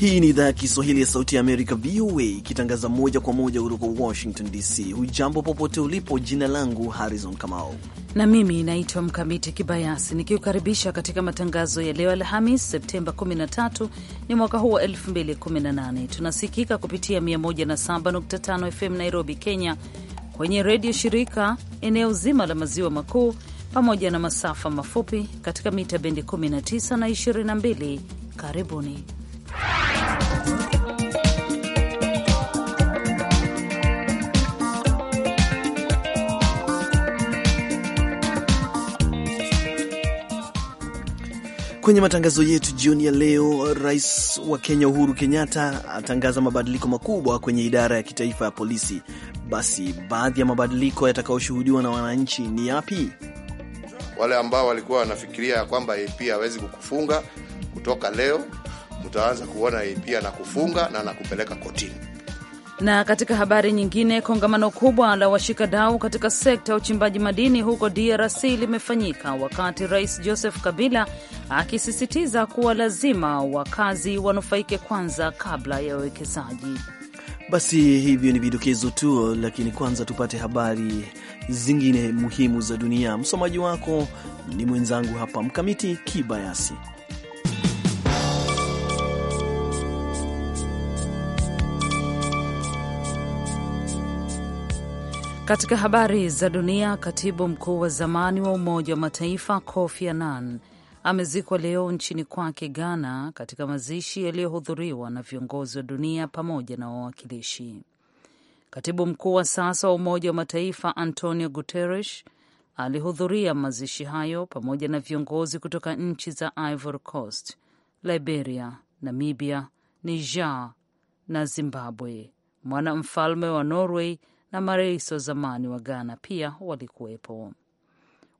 Hii ni idhaa ya Kiswahili ya Sauti ya Amerika, VOA, ikitangaza moja kwa moja kutoka Washington DC. Hujambo popote ulipo. Jina langu Harrison Kamau na mimi naitwa Mkamiti Kibayasi, nikiukaribisha katika matangazo ya leo Alhamis Septemba 13 ni mwaka huu wa 2018. Tunasikika kupitia 107.5 FM Nairobi, Kenya, kwenye redio shirika eneo zima la maziwa makuu pamoja na masafa mafupi katika mita bendi 19 na 22. Karibuni. Kwenye matangazo yetu jioni ya leo, Rais wa Kenya Uhuru Kenyatta atangaza mabadiliko makubwa kwenye idara ya kitaifa ya polisi. Basi baadhi ya mabadiliko yatakayoshuhudiwa na wananchi ni yapi? Wale ambao walikuwa wanafikiria ya kwamba AP hawezi kukufunga, kutoka leo mtaanza kuona AP anakufunga na anakupeleka kotini. Na katika habari nyingine, kongamano kubwa la washikadau katika sekta ya uchimbaji madini huko DRC limefanyika wakati Rais Joseph Kabila akisisitiza kuwa lazima wakazi wanufaike kwanza kabla ya wawekezaji. Basi hivyo ni vidokezo tu, lakini kwanza tupate habari zingine muhimu za dunia. Msomaji wako ni mwenzangu hapa Mkamiti Kibayasi. Katika habari za dunia, katibu mkuu wa zamani wa Umoja wa Mataifa Kofi Annan amezikwa leo nchini kwake Ghana, katika mazishi yaliyohudhuriwa na viongozi wa dunia pamoja na wawakilishi. Katibu mkuu wa sasa wa Umoja wa Mataifa Antonio Guterres alihudhuria mazishi hayo pamoja na viongozi kutoka nchi za Ivory Coast, Liberia, Namibia, Niger na Zimbabwe. Mwanamfalme wa Norway na marais wa zamani wa Ghana pia walikuwepo.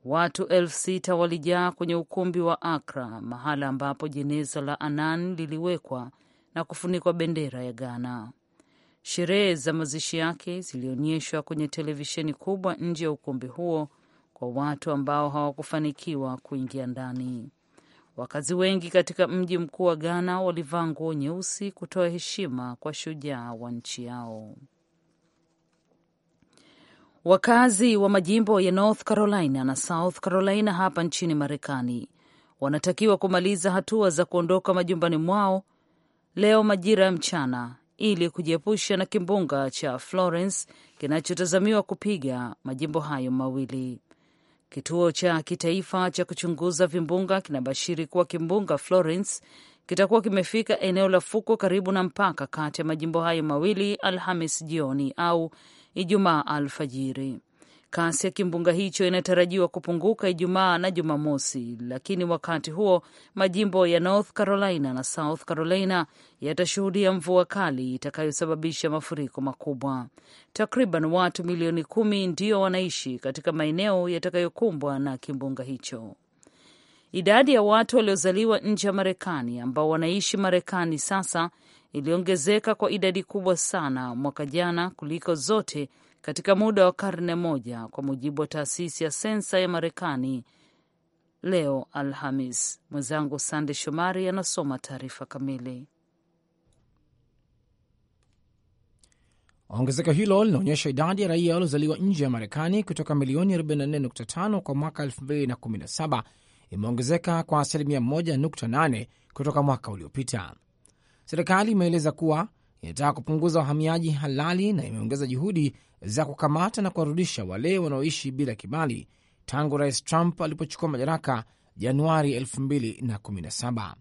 Watu elfu sita walijaa kwenye ukumbi wa Akra, mahala ambapo jeneza la Anan liliwekwa na kufunikwa bendera ya Ghana. Sherehe za mazishi yake zilionyeshwa kwenye televisheni kubwa nje ya ukumbi huo kwa watu ambao hawakufanikiwa kuingia ndani. Wakazi wengi katika mji mkuu wa Ghana walivaa nguo nyeusi kutoa heshima kwa shujaa wa nchi yao. Wakazi wa majimbo ya North Carolina na South Carolina hapa nchini Marekani wanatakiwa kumaliza hatua za kuondoka majumbani mwao leo majira ya mchana ili kujiepusha na kimbunga cha Florence kinachotazamiwa kupiga majimbo hayo mawili. Kituo cha kitaifa cha kuchunguza vimbunga kinabashiri kuwa kimbunga Florence kitakuwa kimefika eneo la fuko karibu na mpaka kati ya majimbo hayo mawili Alhamis jioni au Ijumaa alfajiri. Kasi ya kimbunga hicho inatarajiwa kupunguka Ijumaa na Jumamosi, lakini wakati huo majimbo ya North Carolina na South Carolina yatashuhudia mvua kali itakayosababisha mafuriko makubwa. Takriban watu milioni kumi ndio wanaishi katika maeneo yatakayokumbwa na kimbunga hicho. Idadi ya watu waliozaliwa nje ya Marekani ambao wanaishi Marekani sasa iliongezeka kwa idadi kubwa sana mwaka jana kuliko zote katika muda wa karne moja, kwa mujibu wa taasisi ya sensa ya Marekani leo Alhamis. Mwenzangu Sande Shomari anasoma taarifa kamili. Ongezeko hilo linaonyesha idadi ya raia waliozaliwa nje ya Marekani kutoka milioni 44.5 kwa mwaka 2017 imeongezeka kwa asilimia 1.8 kutoka mwaka uliopita. Serikali imeeleza kuwa inataka kupunguza wahamiaji halali na imeongeza juhudi za kukamata na kuwarudisha wale wanaoishi bila kibali tangu Rais Trump alipochukua madaraka Januari 2017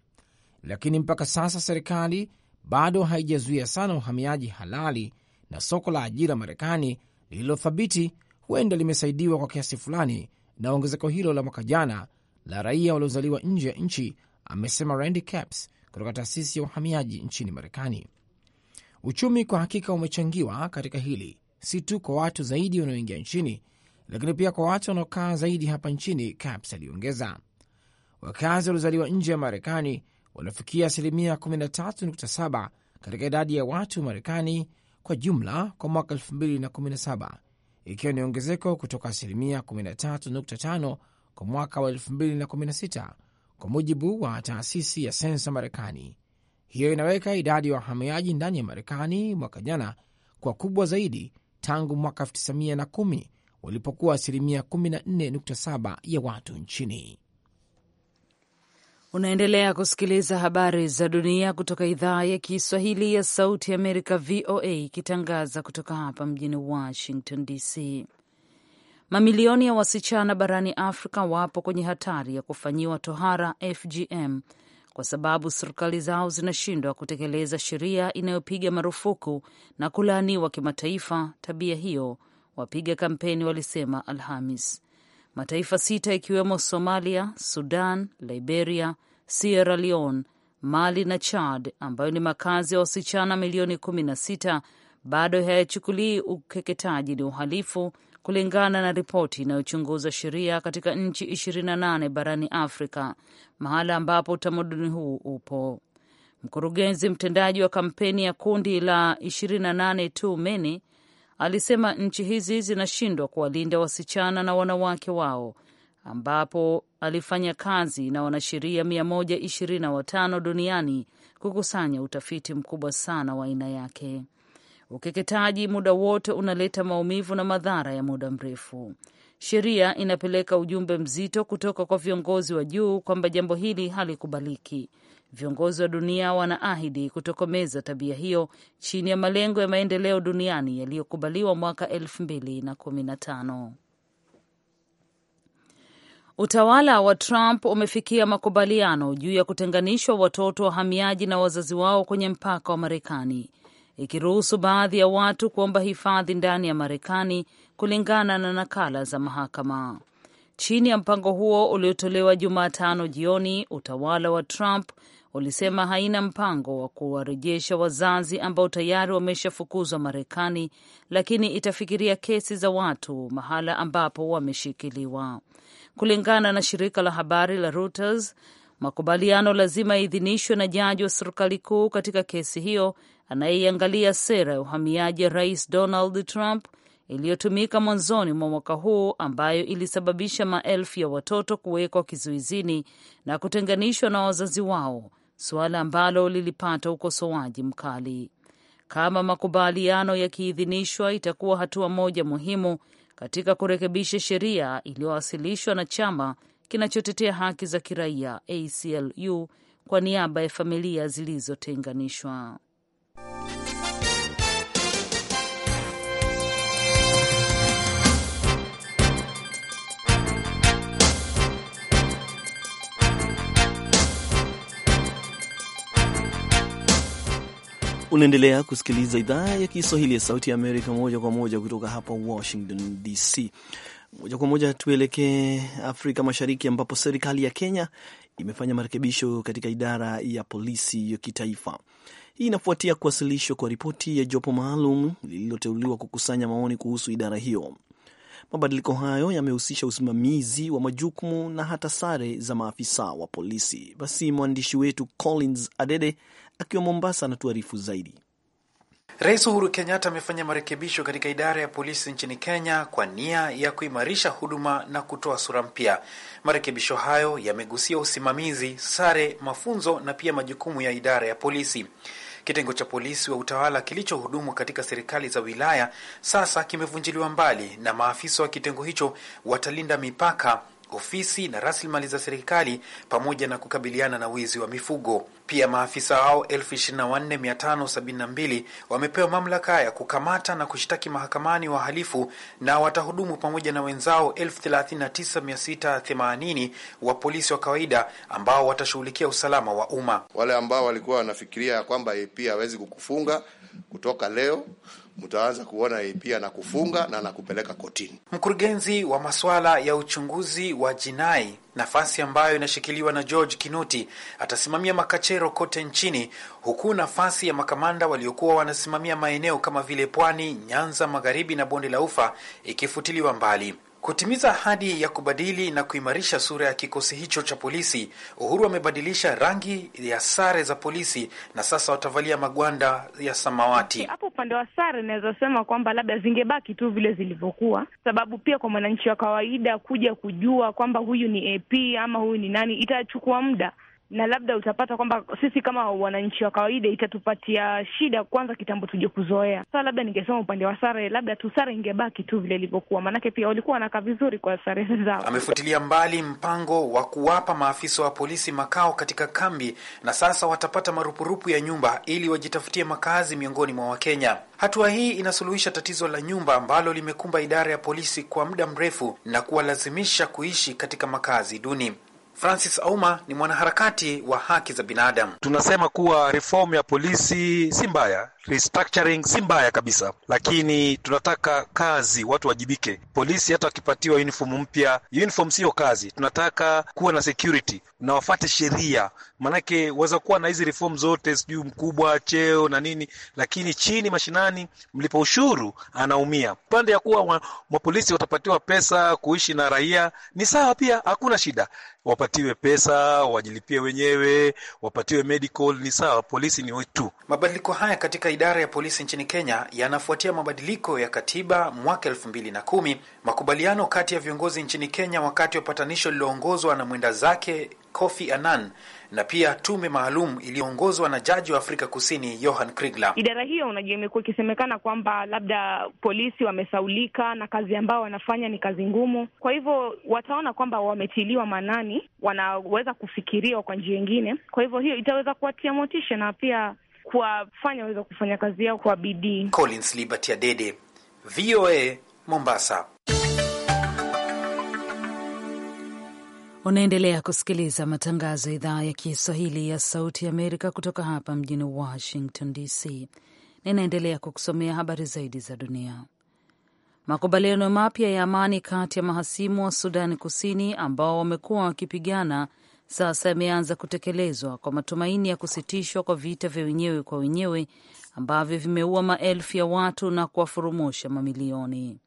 lakini mpaka sasa serikali bado haijazuia sana uhamiaji halali, na soko la ajira Marekani lililothabiti huenda limesaidiwa kwa kiasi fulani na ongezeko hilo la mwaka jana la raia waliozaliwa nje ya nchi, amesema Randy Capps, kutoka taasisi ya uhamiaji nchini Marekani. Uchumi kwa hakika umechangiwa katika hili, si tu kwa watu zaidi wanaoingia nchini, lakini pia kwa watu wanaokaa zaidi hapa nchini, Caps aliongeza. Wakazi waliozaliwa nje ya Marekani wanafikia asilimia 13.7 katika idadi ya watu Marekani kwa jumla kwa mwaka 2017 ikiwa ni ongezeko kutoka asilimia 13.5 kwa mwaka wa 2016 kwa mujibu wa taasisi ya sensa Marekani, hiyo inaweka idadi ya wa wahamiaji ndani ya Marekani mwaka jana kwa kubwa zaidi tangu mwaka 1910 walipokuwa asilimia 14.7 ya watu nchini. Unaendelea kusikiliza habari za dunia kutoka idhaa ya Kiswahili ya Sauti ya Amerika, VOA, ikitangaza kutoka hapa mjini Washington DC. Mamilioni ya wasichana barani Afrika wapo kwenye hatari ya kufanyiwa tohara FGM kwa sababu serikali zao zinashindwa kutekeleza sheria inayopiga marufuku na kulaaniwa kimataifa tabia hiyo, wapiga kampeni walisema Alhamis. Mataifa sita ikiwemo Somalia, Sudan, Liberia, Sierra Leone, Mali na Chad, ambayo ni makazi ya wasichana milioni kumi na sita bado hayachukulii ukeketaji ni uhalifu kulingana na ripoti inayochunguza sheria katika nchi 28 barani Afrika, mahala ambapo utamaduni huu upo. Mkurugenzi mtendaji wa kampeni ya kundi la 28 Too Many alisema nchi hizi zinashindwa kuwalinda wasichana na wanawake wao, ambapo alifanya kazi na wanasheria 125 duniani kukusanya utafiti mkubwa sana wa aina yake. Ukeketaji muda wote unaleta maumivu na madhara ya muda mrefu. Sheria inapeleka ujumbe mzito kutoka kwa viongozi wa juu kwamba jambo hili halikubaliki. Viongozi wa dunia wanaahidi kutokomeza tabia hiyo chini ya malengo ya maendeleo duniani yaliyokubaliwa mwaka elfu mbili na kumi na tano. Utawala wa Trump umefikia makubaliano juu ya kutenganishwa watoto wahamiaji na wazazi wao kwenye mpaka wa Marekani ikiruhusu baadhi ya watu kuomba hifadhi ndani ya Marekani, kulingana na nakala za mahakama. Chini ya mpango huo uliotolewa Jumatano jioni, utawala wa Trump ulisema haina mpango wa kuwarejesha wazazi ambao tayari wameshafukuzwa Marekani, lakini itafikiria kesi za watu mahala ambapo wameshikiliwa. Kulingana na shirika la habari la Reuters, makubaliano lazima yaidhinishwe na jaji wa serikali kuu katika kesi hiyo anayeiangalia sera ya uhamiaji ya Rais Donald Trump iliyotumika mwanzoni mwa mwaka huu ambayo ilisababisha maelfu ya watoto kuwekwa kizuizini na kutenganishwa na wazazi wao, suala ambalo lilipata ukosoaji mkali. Kama makubaliano yakiidhinishwa, itakuwa hatua moja muhimu katika kurekebisha sheria iliyowasilishwa na chama kinachotetea haki za kiraia ACLU kwa niaba ya familia zilizotenganishwa. Unaendelea kusikiliza idhaa ya Kiswahili ya Sauti ya Amerika moja kwa moja kutoka hapa Washington DC. Moja kwa moja tuelekee Afrika Mashariki, ambapo serikali ya Kenya imefanya marekebisho katika idara ya polisi ya kitaifa. Hii inafuatia kuwasilishwa kwa ripoti ya jopo maalum lililoteuliwa kukusanya maoni kuhusu idara hiyo. Mabadiliko hayo yamehusisha usimamizi wa majukumu na hata sare za maafisa wa polisi. Basi mwandishi wetu Collins Adede akiwa Mombasa anatuarifu zaidi. Rais Uhuru Kenyatta amefanya marekebisho katika idara ya polisi nchini Kenya kwa nia ya kuimarisha huduma na kutoa sura mpya. Marekebisho hayo yamegusia usimamizi, sare, mafunzo na pia majukumu ya idara ya polisi. Kitengo cha polisi wa utawala kilichohudumu katika serikali za wilaya sasa kimevunjiliwa mbali na maafisa wa kitengo hicho watalinda mipaka ofisi na rasilimali za serikali pamoja na kukabiliana na wizi wa mifugo. Pia maafisa hao 24572 wamepewa mamlaka ya kukamata na kushtaki mahakamani wahalifu na watahudumu pamoja na wenzao 39680 wa polisi wa kawaida ambao watashughulikia usalama wa umma. Wale ambao walikuwa wanafikiria ya kwamba AP hawezi kukufunga kutoka leo mtaanza kuona pia na kufunga na nakupeleka kotini. Mkurugenzi wa masuala ya uchunguzi wa jinai, nafasi ambayo inashikiliwa na George Kinuti, atasimamia makachero kote nchini, huku nafasi ya makamanda waliokuwa wanasimamia maeneo kama vile Pwani, Nyanza Magharibi na Bonde la Ufa ikifutiliwa mbali. Kutimiza ahadi ya kubadili na kuimarisha sura ya kikosi hicho cha polisi, Uhuru amebadilisha rangi ya sare za polisi na sasa watavalia magwanda ya samawati. Hapo okay, upande wa sare naweza sema kwamba labda zingebaki tu vile zilivyokuwa, sababu pia kwa mwananchi wa kawaida kuja kujua kwamba huyu ni AP ama huyu ni nani itachukua muda na labda utapata kwamba sisi kama wananchi wa kawaida itatupatia shida kwanza kitambo tuje kuzoea. Sasa labda ningesema upande wa sare, labda tu sare ingebaki tu vile ilivyokuwa, maanake pia walikuwa wanakaa vizuri kwa sare zao. Amefutilia mbali mpango wa kuwapa maafisa wa polisi makao katika kambi, na sasa watapata marupurupu ya nyumba ili wajitafutie makazi miongoni mwa Wakenya. Hatua hii inasuluhisha tatizo la nyumba ambalo limekumba idara ya polisi kwa muda mrefu na kuwalazimisha kuishi katika makazi duni. Francis Auma ni mwanaharakati wa haki za binadamu. Tunasema kuwa reformu ya polisi si mbaya restructuring si mbaya kabisa, lakini tunataka kazi, watu wajibike. Polisi hata wakipatiwa uniform mpya, uniform siyo kazi. Tunataka kuwa na security na wafate sheria, maanake waweza kuwa na hizi reform zote, sijui mkubwa, cheo na nini, lakini chini mashinani, mlipa ushuru anaumia. Pande ya kuwa mapolisi watapatiwa pesa kuishi na raia ni sawa, pia hakuna shida, wapatiwe pesa, wajilipie wenyewe, wapatiwe medical, ni sawa. Polisi ni wetu. Mabadiliko haya katika idara ya polisi nchini Kenya yanafuatia mabadiliko ya katiba mwaka elfu mbili na kumi, makubaliano kati ya viongozi nchini Kenya wakati wa patanisho lililoongozwa na mwenda zake Kofi Annan na pia tume maalum iliyoongozwa na jaji wa Afrika Kusini Johan Kriegler. Idara hiyo, unajua, imekuwa ikisemekana kwamba labda polisi wamesaulika na kazi ambayo wanafanya ni kazi ngumu, kwa hivyo wataona kwamba wametiliwa manani wanaweza kufikiriwa kwa njia ingine, kwa hivyo hiyo itaweza kuwatia motisha na pia kuwafanya waweze kufanya kazi yao kwa bidii. Collins Liberty Adede, VOA Mombasa. Unaendelea kusikiliza matangazo ya idhaa ya Kiswahili ya Sauti ya Amerika kutoka hapa mjini Washington DC. Ninaendelea kukusomea habari zaidi za dunia. Makubaliano mapya ya amani kati ya mahasimu wa Sudani Kusini ambao wamekuwa wakipigana sasa yameanza kutekelezwa kwa matumaini ya kusitishwa kwa vita vya wenyewe kwa wenyewe ambavyo vimeua maelfu ya watu na kuwafurumusha mamilioni.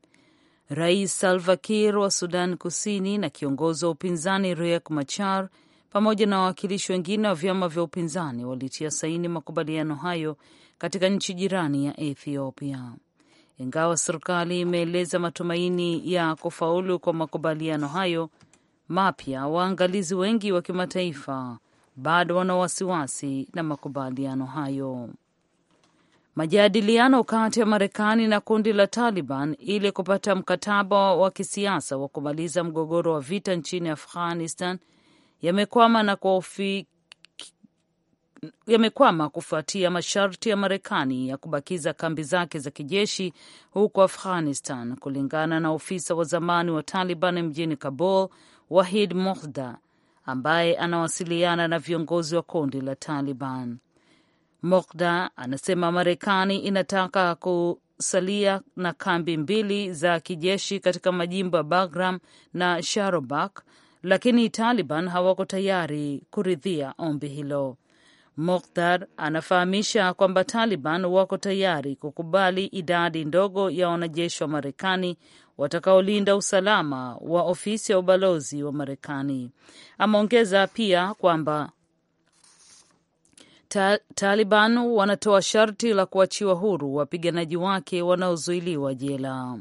Rais Salva Kiir wa Sudan Kusini na kiongozi wa upinzani Riek Machar pamoja na wawakilishi wengine wa vyama vya upinzani walitia saini makubaliano hayo katika nchi jirani ya Ethiopia. Ingawa serikali imeeleza matumaini ya kufaulu kwa makubaliano hayo, mapya, waangalizi wengi wa kimataifa bado wana wasiwasi na makubaliano hayo. Majadiliano kati ya Marekani na kundi la Taliban ili kupata mkataba wa kisiasa wa kumaliza mgogoro wa vita nchini Afghanistan yamekwama na yamekwama kufuatia masharti ya Marekani ya kubakiza kambi zake za kijeshi huko Afghanistan, kulingana na ofisa wa zamani wa Taliban mjini Kabul Wahid Mohda ambaye anawasiliana na viongozi wa kundi la Taliban. Mohda anasema Marekani inataka kusalia na kambi mbili za kijeshi katika majimbo ya Bagram na Sharobak, lakini Taliban hawako tayari kuridhia ombi hilo. Mukhtar anafahamisha kwamba Taliban wako tayari kukubali idadi ndogo ya wanajeshi wa Marekani watakaolinda usalama wa ofisi ya ubalozi wa Marekani. Ameongeza pia kwamba ta Taliban wanatoa sharti la kuachiwa huru wapiganaji wake wanaozuiliwa jela.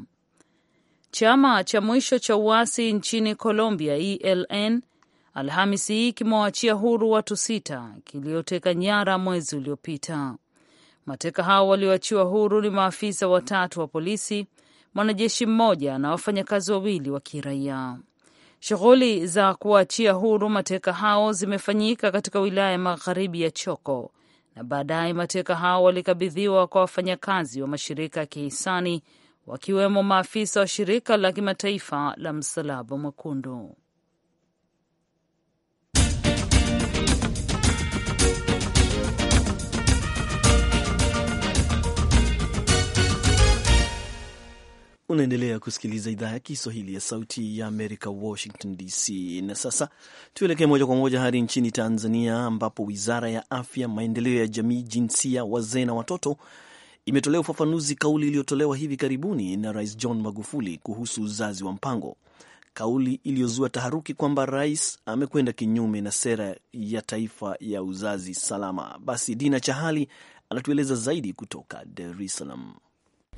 Chama cha mwisho cha uasi nchini Colombia, ELN, Alhamisi hii kimewaachia huru watu sita kilioteka nyara mwezi uliopita. Mateka hao walioachiwa huru ni maafisa watatu wa polisi mwanajeshi mmoja na wafanyakazi wawili wa kiraia. Shughuli za kuwaachia huru mateka hao zimefanyika katika wilaya ya magharibi ya Choko na baadaye mateka hao walikabidhiwa kwa wafanyakazi wa mashirika ya kihisani wakiwemo maafisa wa shirika la kimataifa la Msalaba Mwekundu. Unaendelea kusikiliza idhaa ya Kiswahili ya Sauti ya Amerika, Washington DC. Na sasa tuelekee moja kwa moja hadi nchini Tanzania, ambapo Wizara ya Afya, Maendeleo ya Jamii, Jinsia, Wazee na Watoto imetolea ufafanuzi kauli iliyotolewa hivi karibuni na Rais John Magufuli kuhusu uzazi wa mpango, kauli iliyozua taharuki kwamba rais amekwenda kinyume na sera ya taifa ya uzazi salama. Basi Dina Chahali anatueleza zaidi kutoka Dar es Salaam.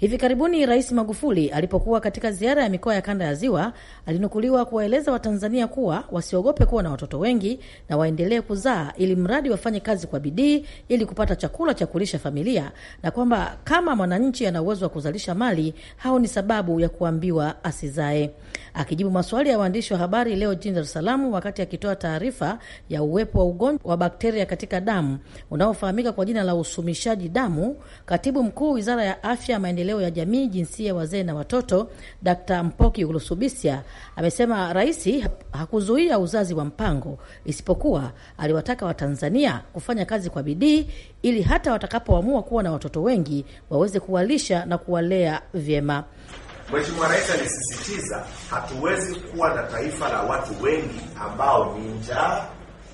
Hivi karibuni Rais Magufuli alipokuwa katika ziara ya mikoa ya kanda ya Ziwa alinukuliwa kuwaeleza Watanzania kuwa wasiogope kuwa na watoto wengi na waendelee kuzaa, ili mradi wafanye kazi kwa bidii ili kupata chakula cha kulisha familia, na kwamba kama mwananchi ana uwezo wa kuzalisha mali, hao ni sababu ya kuambiwa asizae. Akijibu maswali ya waandishi wa habari leo jijini Dar es Salaam wakati akitoa taarifa ya uwepo wa ugonjwa wa bakteria katika damu unaofahamika kwa jina la usumishaji damu, katibu mkuu Wizara ya Afya maendeleo maendeleo ya jamii, jinsia, wazee na watoto, Dkt. Mpoki Ulusubisya amesema rais hakuzuia uzazi wa mpango, isipokuwa aliwataka Watanzania kufanya kazi kwa bidii ili hata watakapoamua kuwa na watoto wengi waweze kuwalisha na kuwalea vyema. Mheshimiwa Rais alisisitiza hatuwezi kuwa na taifa la watu wengi ambao ni njaa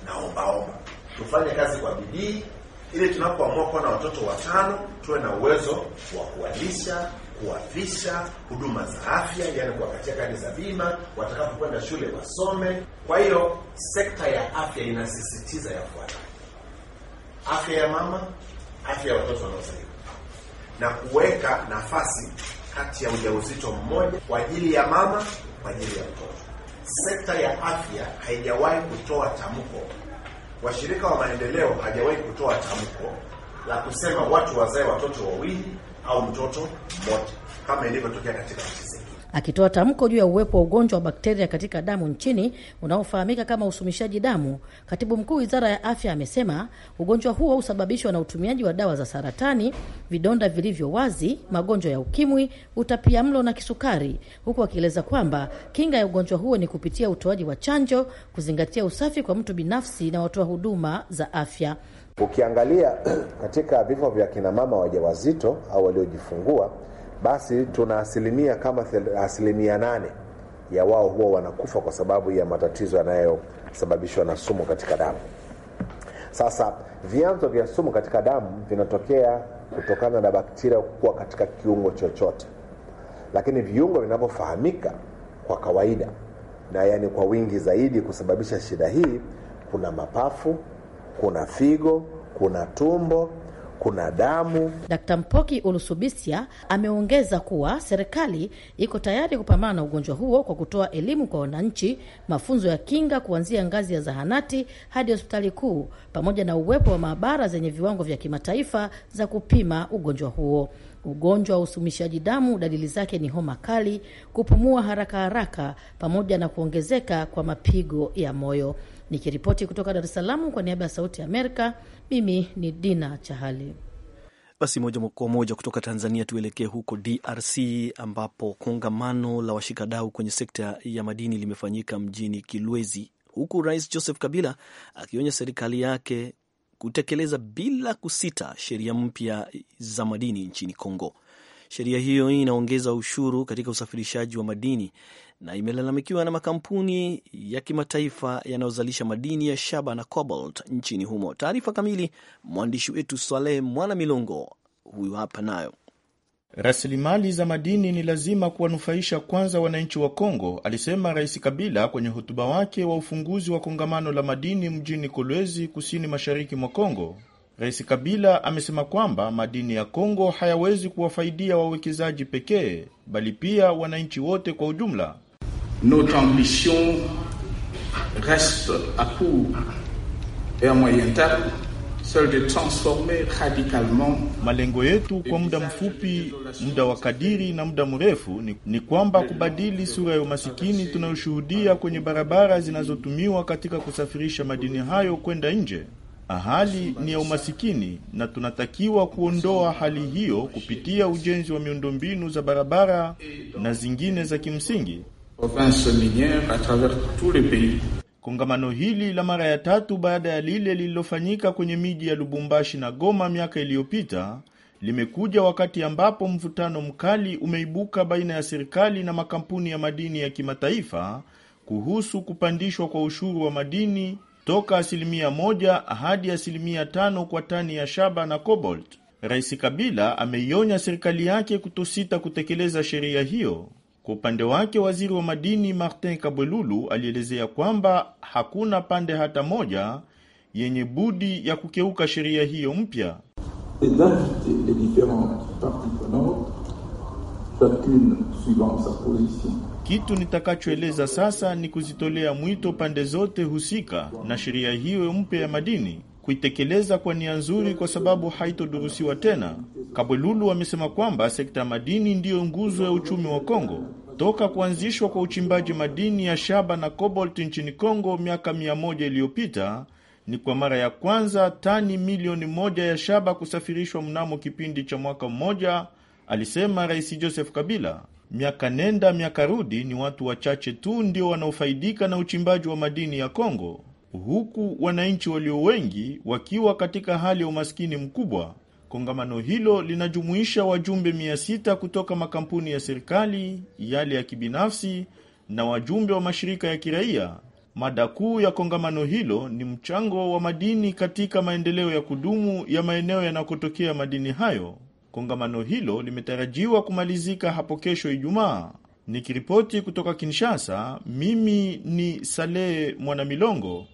na ombaomba. Tufanye kazi kwa bidii ili tunapoamua kuwa na watoto watano tuwe na uwezo wa kuwalisha, kuwafisha huduma za afya, yani kuwakatia kadi za bima, watakapokwenda shule wasome. Kwa hiyo sekta ya afya inasisitiza ya yafuatayo: afya ya mama, afya ya watoto wanaozaliwa, na kuweka nafasi kati ya ujauzito mmoja kwa ajili ya mama, kwa ajili ya mtoto. Sekta ya afya haijawahi kutoa tamko washirika wa maendeleo hajawahi kutoa tamko la kusema watu wazae watoto wawili au mtoto mmoja kama ilivyotokea katika nchi zetu. Akitoa tamko juu ya uwepo wa ugonjwa wa bakteria katika damu nchini unaofahamika kama usumishaji damu, katibu mkuu wizara ya afya amesema ugonjwa huo husababishwa na utumiaji wa dawa za saratani, vidonda vilivyo wazi, magonjwa ya ukimwi, utapia mlo na kisukari, huku akieleza kwamba kinga ya ugonjwa huo ni kupitia utoaji wa chanjo, kuzingatia usafi kwa mtu binafsi na watoa huduma za afya. Ukiangalia katika vifo vya kinamama wajawazito au waliojifungua basi tuna asilimia kama asilimia nane ya wao huwa wanakufa kwa sababu ya matatizo yanayosababishwa na sumu katika damu. Sasa vyanzo vya sumu katika damu vinatokea kutokana na bakteria kuwa katika kiungo chochote, lakini viungo vinavyofahamika kwa kawaida na yani kwa wingi zaidi kusababisha shida hii, kuna mapafu, kuna figo, kuna tumbo, kuna damu. Dkt. Mpoki ulusubisia ameongeza kuwa serikali iko tayari kupambana na ugonjwa huo kwa kutoa elimu kwa wananchi, mafunzo ya kinga kuanzia ngazi ya zahanati hadi hospitali kuu, pamoja na uwepo wa maabara zenye viwango vya kimataifa za kupima ugonjwa huo. Ugonjwa wa usumishaji damu, dalili zake ni homa kali, kupumua haraka haraka, pamoja na kuongezeka kwa mapigo ya moyo. Nikiripoti kutoka Dar es Salaam kwa niaba ya Sauti ya Amerika, mimi ni Dina Chahali. Basi moja kwa moja kutoka Tanzania tuelekee huko DRC ambapo kongamano la washikadau kwenye sekta ya madini limefanyika mjini Kilwezi, huku Rais Joseph Kabila akionya serikali yake kutekeleza bila kusita sheria mpya za madini nchini Kongo. Sheria hiyo inaongeza ushuru katika usafirishaji wa madini na imelalamikiwa na makampuni ya kimataifa yanayozalisha madini ya shaba na cobalt nchini humo. Taarifa kamili mwandishi wetu Swaleh Mwana Milongo huyu hapa nayo. Rasilimali za madini ni lazima kuwanufaisha kwanza wananchi wa Kongo, alisema Rais Kabila kwenye hotuba wake wa ufunguzi wa kongamano la madini mjini Kolwezi, kusini mashariki mwa Kongo. Rais Kabila amesema kwamba madini ya Kongo hayawezi kuwafaidia wawekezaji pekee, bali pia wananchi wote kwa ujumla. Notre ambition reste court et moyen terme Malengo yetu kwa muda mfupi, muda wa kadiri na muda mrefu ni, ni kwamba kubadili sura ya umasikini tunayoshuhudia kwenye barabara zinazotumiwa katika kusafirisha madini hayo kwenda nje. Hali ni ya umasikini na tunatakiwa kuondoa hali hiyo kupitia ujenzi wa miundombinu za barabara na zingine za kimsingi. Kongamano hili la mara ya tatu baada ya lile lililofanyika kwenye miji ya Lubumbashi na Goma miaka iliyopita limekuja wakati ambapo mvutano mkali umeibuka baina ya serikali na makampuni ya madini ya kimataifa kuhusu kupandishwa kwa ushuru wa madini toka asilimia moja hadi asilimia tano kwa tani ya shaba na cobalt. Rais Kabila ameionya serikali yake kutosita kutekeleza sheria hiyo kwa upande wake waziri wa madini Martin Kabwelulu alielezea kwamba hakuna pande hata moja yenye budi ya kukeuka sheria hiyo mpya kitu nitakachoeleza sasa ni kuzitolea mwito pande zote husika na sheria hiyo mpya ya madini kuitekeleza kwa nia nzuri, kwa sababu haitodurusiwa tena. Kabwelulu amesema kwamba sekta ya madini ndiyo nguzo ya uchumi wa Kongo. Toka kuanzishwa kwa uchimbaji madini ya shaba na cobalt nchini Kongo miaka mia moja iliyopita ni kwa mara ya kwanza tani milioni moja ya shaba kusafirishwa mnamo kipindi cha mwaka mmoja, alisema Rais Joseph Kabila. Miaka nenda miaka rudi, ni watu wachache tu ndio wanaofaidika na uchimbaji wa madini ya Kongo huku wananchi walio wengi wakiwa katika hali ya umaskini mkubwa. Kongamano hilo linajumuisha wajumbe 600 kutoka makampuni ya serikali, yale ya kibinafsi na wajumbe wa mashirika ya kiraia. Mada kuu ya kongamano hilo ni mchango wa madini katika maendeleo ya kudumu ya maeneo yanakotokea madini hayo. Kongamano hilo limetarajiwa kumalizika hapo kesho Ijumaa. Nikiripoti kutoka Kinshasa, mimi ni Sale Mwanamilongo.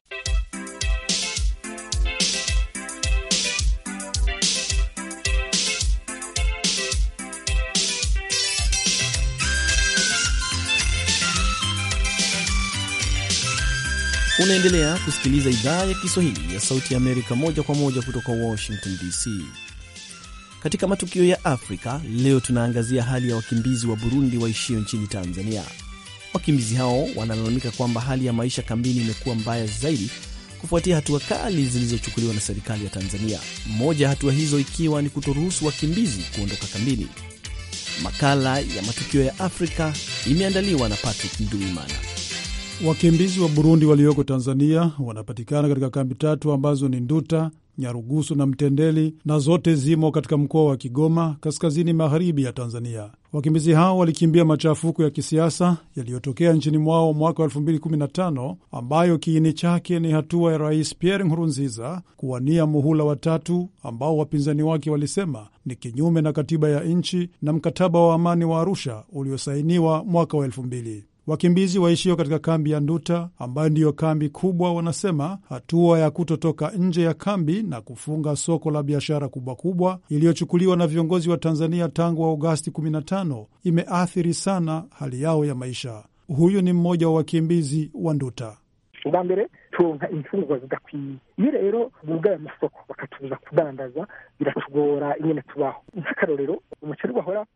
Unaendelea kusikiliza idhaa ya Kiswahili ya Sauti ya Amerika moja kwa moja kutoka Washington DC. Katika matukio ya Afrika leo, tunaangazia hali ya wakimbizi wa Burundi waishio nchini Tanzania. Wakimbizi hao wanalalamika kwamba hali ya maisha kambini imekuwa mbaya zaidi kufuatia hatua kali zilizochukuliwa na serikali ya Tanzania, moja ya hatua hizo ikiwa ni kutoruhusu wakimbizi kuondoka kambini. Makala ya matukio ya Afrika imeandaliwa na Patrick Nduimana. Wakimbizi wa Burundi walioko Tanzania wanapatikana katika kambi tatu ambazo ni Nduta, Nyarugusu na Mtendeli na zote zimo katika mkoa wa Kigoma, kaskazini magharibi ya Tanzania. Wakimbizi hao walikimbia machafuko ya kisiasa yaliyotokea nchini mwao mwaka wa 2015 ambayo kiini chake ni hatua ya Rais Pierre Nkurunziza kuwania muhula watatu ambao wapinzani wake walisema ni kinyume na katiba ya nchi na mkataba wa amani wa Arusha uliosainiwa mwaka wa Wakimbizi waishio katika kambi ya Nduta, ambayo ndiyo kambi kubwa, wanasema hatua ya kutotoka nje ya kambi na kufunga soko la biashara kubwa kubwa iliyochukuliwa na viongozi wa Tanzania tangu Agosti 15 imeathiri sana hali yao ya maisha. Huyu ni mmoja wa wakimbizi wa Nduta. ubambere tuonka imfungwa zidakwiye iyo rero bugaye amasoko bakatubuza kudandaza biratugora inyene tubaho nk'akarorero umuceri wahora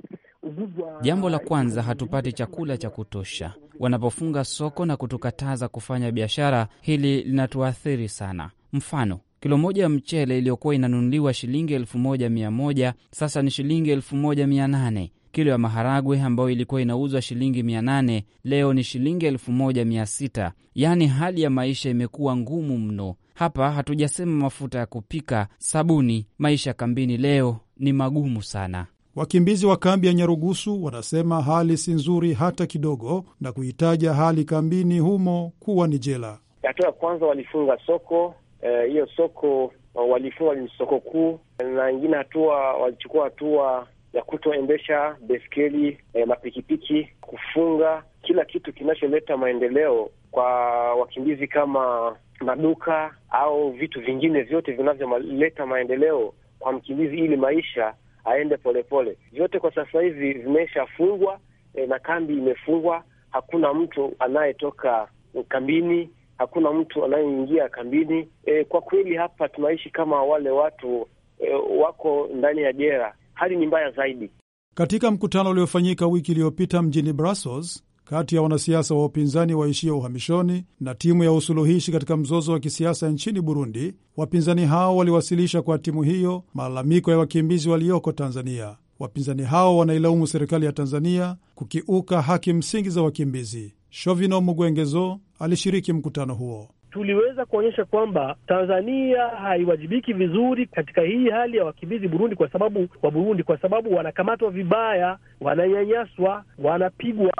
Jambo la kwanza, hatupati chakula cha kutosha. Wanapofunga soko na kutukataza kufanya biashara, hili linatuathiri sana. Mfano, kilo moja ya mchele iliyokuwa inanunuliwa shilingi elfu moja mia moja sasa ni shilingi elfu moja mia nane Kilo ya maharagwe ambayo ilikuwa inauzwa shilingi mia nane leo ni shilingi elfu moja mia sita Yaani hali ya maisha imekuwa ngumu mno. Hapa hatujasema mafuta ya kupika, sabuni. Maisha kambini leo ni magumu sana. Wakimbizi wa kambi ya Nyarugusu wanasema hali si nzuri hata kidogo, na kuhitaja hali kambini humo kuwa ni jela. Hatua ya kwanza walifunga soko e, hiyo, e, soko walifunga ni soko kuu, na ingine hatua walichukua hatua ya kutoendesha beskeli, e, mapikipiki, kufunga kila kitu kinacholeta maendeleo kwa wakimbizi kama maduka au vitu vingine vyote vinavyoleta maendeleo kwa mkimbizi ili maisha aende polepole. Vyote kwa sasa hivi vimeshafungwa e, na kambi imefungwa. Hakuna mtu anayetoka kambini, hakuna mtu anayeingia kambini. E, kwa kweli hapa tunaishi kama wale watu e, wako ndani ya jela. Hali ni mbaya zaidi. Katika mkutano uliofanyika wiki iliyopita mjini Brussels, kati ya wanasiasa wa upinzani waishia uhamishoni na timu ya usuluhishi katika mzozo wa kisiasa nchini Burundi. Wapinzani hao waliwasilisha kwa timu hiyo malalamiko ya wakimbizi walioko Tanzania. Wapinzani hao wanailaumu serikali ya Tanzania kukiuka haki msingi za wakimbizi. Shovino Mugwengezo alishiriki mkutano huo. Tuliweza kuonyesha kwamba Tanzania haiwajibiki vizuri katika hii hali ya wakimbizi Burundi, kwa sababu wa Burundi, kwa sababu wanakamatwa vibaya, wananyanyaswa, wanapigwa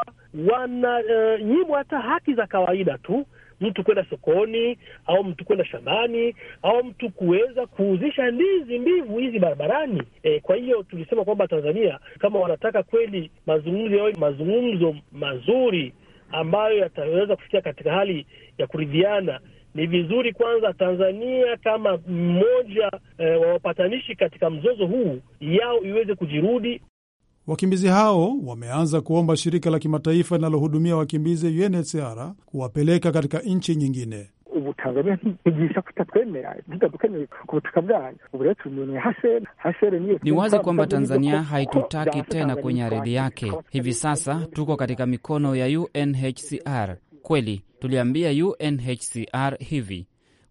wananyimwa eh, uh, hata haki za kawaida tu, mtu kwenda sokoni au mtu kwenda shambani au mtu kuweza kuuzisha ndizi mbivu hizi barabarani. E, kwa hiyo tulisema kwamba Tanzania kama wanataka kweli mazungumzo au mazungumzo mazuri ambayo yataweza kufikia katika hali ya kuridhiana ni vizuri kwanza Tanzania kama mmoja e, wa wapatanishi katika mzozo huu yao iweze kujirudi Wakimbizi hao wameanza kuomba shirika la kimataifa linalohudumia wakimbizi UNHCR kuwapeleka katika nchi nyingine. Ni wazi kwamba Tanzania haitutaki tena kwenye ardhi yake. Hivi sasa tuko katika mikono ya UNHCR. Kweli tuliambia UNHCR hivi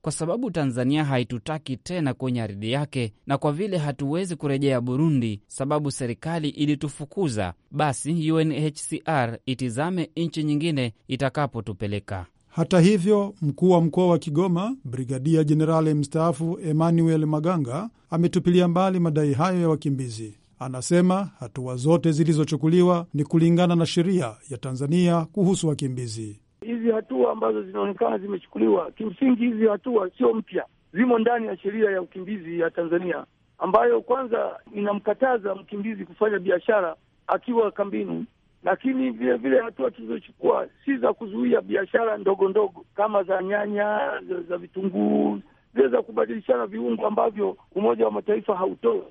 kwa sababu Tanzania haitutaki tena kwenye ardhi yake, na kwa vile hatuwezi kurejea Burundi sababu serikali ilitufukuza, basi UNHCR itizame nchi nyingine itakapotupeleka. Hata hivyo, mkuu wa mkoa wa Kigoma, Brigadia Jenerali mstaafu Emmanuel Maganga, ametupilia mbali madai hayo ya wakimbizi. Anasema hatua zote zilizochukuliwa ni kulingana na sheria ya Tanzania kuhusu wakimbizi hizi hatua ambazo zinaonekana zimechukuliwa, kimsingi hizi hatua sio mpya, zimo ndani ya sheria ya ukimbizi ya Tanzania ambayo kwanza inamkataza mkimbizi kufanya biashara akiwa kambini, lakini vile vile hatua tulizochukua si za kuzuia biashara ndogo ndogo kama za nyanya, za, za vitunguu, zile za kubadilishana viungo ambavyo Umoja wa Mataifa hautoi.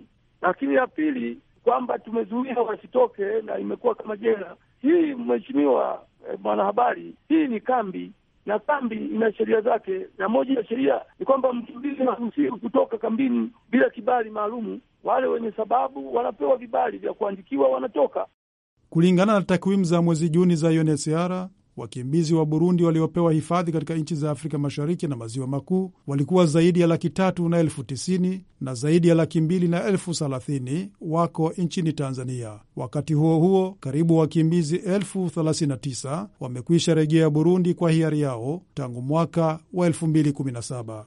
Lakini ya pili kwamba tumezuia wasitoke na imekuwa kama jela. Hii mheshimiwa e, eh, bwana habari, hii ni kambi na kambi ina sheria zake, na moja ya sheria ni kwamba mkimbizi haruhusiwi kutoka kambini bila kibali maalumu. Wale wenye sababu wanapewa vibali vya kuandikiwa, wanatoka. Kulingana na takwimu za mwezi Juni za UNHCR, Wakimbizi wa Burundi waliopewa hifadhi katika nchi za Afrika Mashariki na Maziwa Makuu walikuwa zaidi ya laki tatu na elfu tisini na zaidi ya laki mbili na elfu thalathini wako nchini Tanzania. Wakati huo huo, karibu wakimbizi elfu thelathini na tisa wamekwisha rejea Burundi kwa hiari yao tangu mwaka wa saba.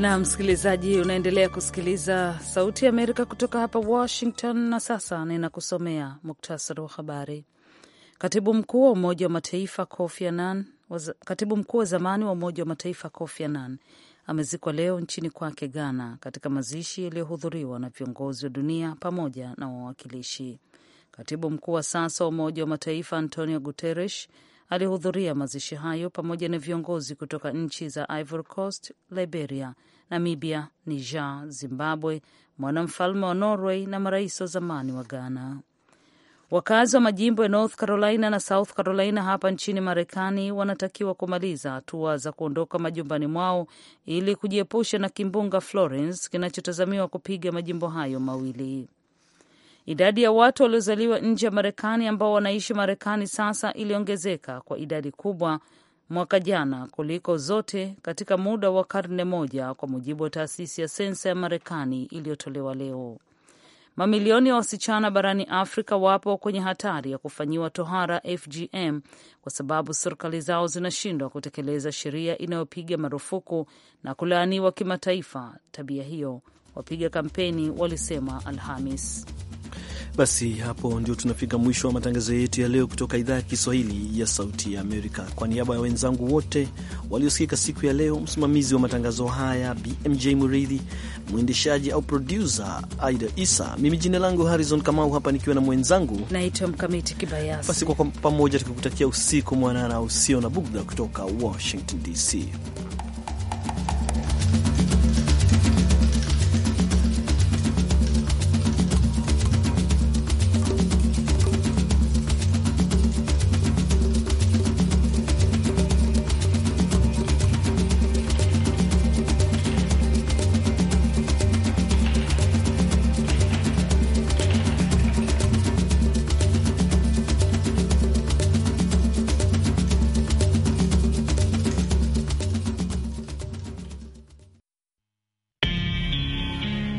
na msikilizaji, unaendelea kusikiliza Sauti ya Amerika kutoka hapa Washington, na sasa ninakusomea muktasari wa habari. Katibu mkuu wa Umoja wa Mataifa Kofi Annan, katibu mkuu wa zamani wa Umoja wa Mataifa Kofi Annan amezikwa leo nchini kwake Ghana, katika mazishi yaliyohudhuriwa na viongozi wa dunia pamoja na wawakilishi. Katibu mkuu wa sasa wa Umoja wa Mataifa Antonio Guterres alihudhuria mazishi hayo pamoja na viongozi kutoka nchi za Ivory Coast, Liberia, Namibia, Niger, Zimbabwe, mwanamfalme wa Norway na marais wa zamani wa Ghana. Wakazi wa majimbo ya North Carolina na South Carolina hapa nchini Marekani wanatakiwa kumaliza hatua za kuondoka majumbani mwao ili kujiepusha na kimbunga Florence kinachotazamiwa kupiga majimbo hayo mawili. Idadi ya watu waliozaliwa nje ya Marekani ambao wanaishi Marekani sasa iliongezeka kwa idadi kubwa mwaka jana kuliko zote katika muda wa karne moja, kwa mujibu wa taasisi ya sensa ya Marekani iliyotolewa leo. Mamilioni ya wasichana barani Afrika wapo kwenye hatari ya kufanyiwa tohara FGM kwa sababu serikali zao zinashindwa kutekeleza sheria inayopiga marufuku na kulaaniwa kimataifa tabia hiyo, wapiga kampeni walisema Alhamis. Basi hapo ndio tunafika mwisho wa matangazo yetu ya leo kutoka idhaa ya Kiswahili ya Sauti ya Amerika. Kwa niaba ya wenzangu wote waliosikika siku ya leo, msimamizi wa matangazo haya BMJ Muridhi, mwendeshaji au produsa Aida Isa, mimi jina langu Harrison Kamau, hapa nikiwa na mwenzangu naitwa Mkamiti Kibayasi. Basi kwa pamoja tukikutakia usiku mwanana usio na bugdha kutoka Washington DC.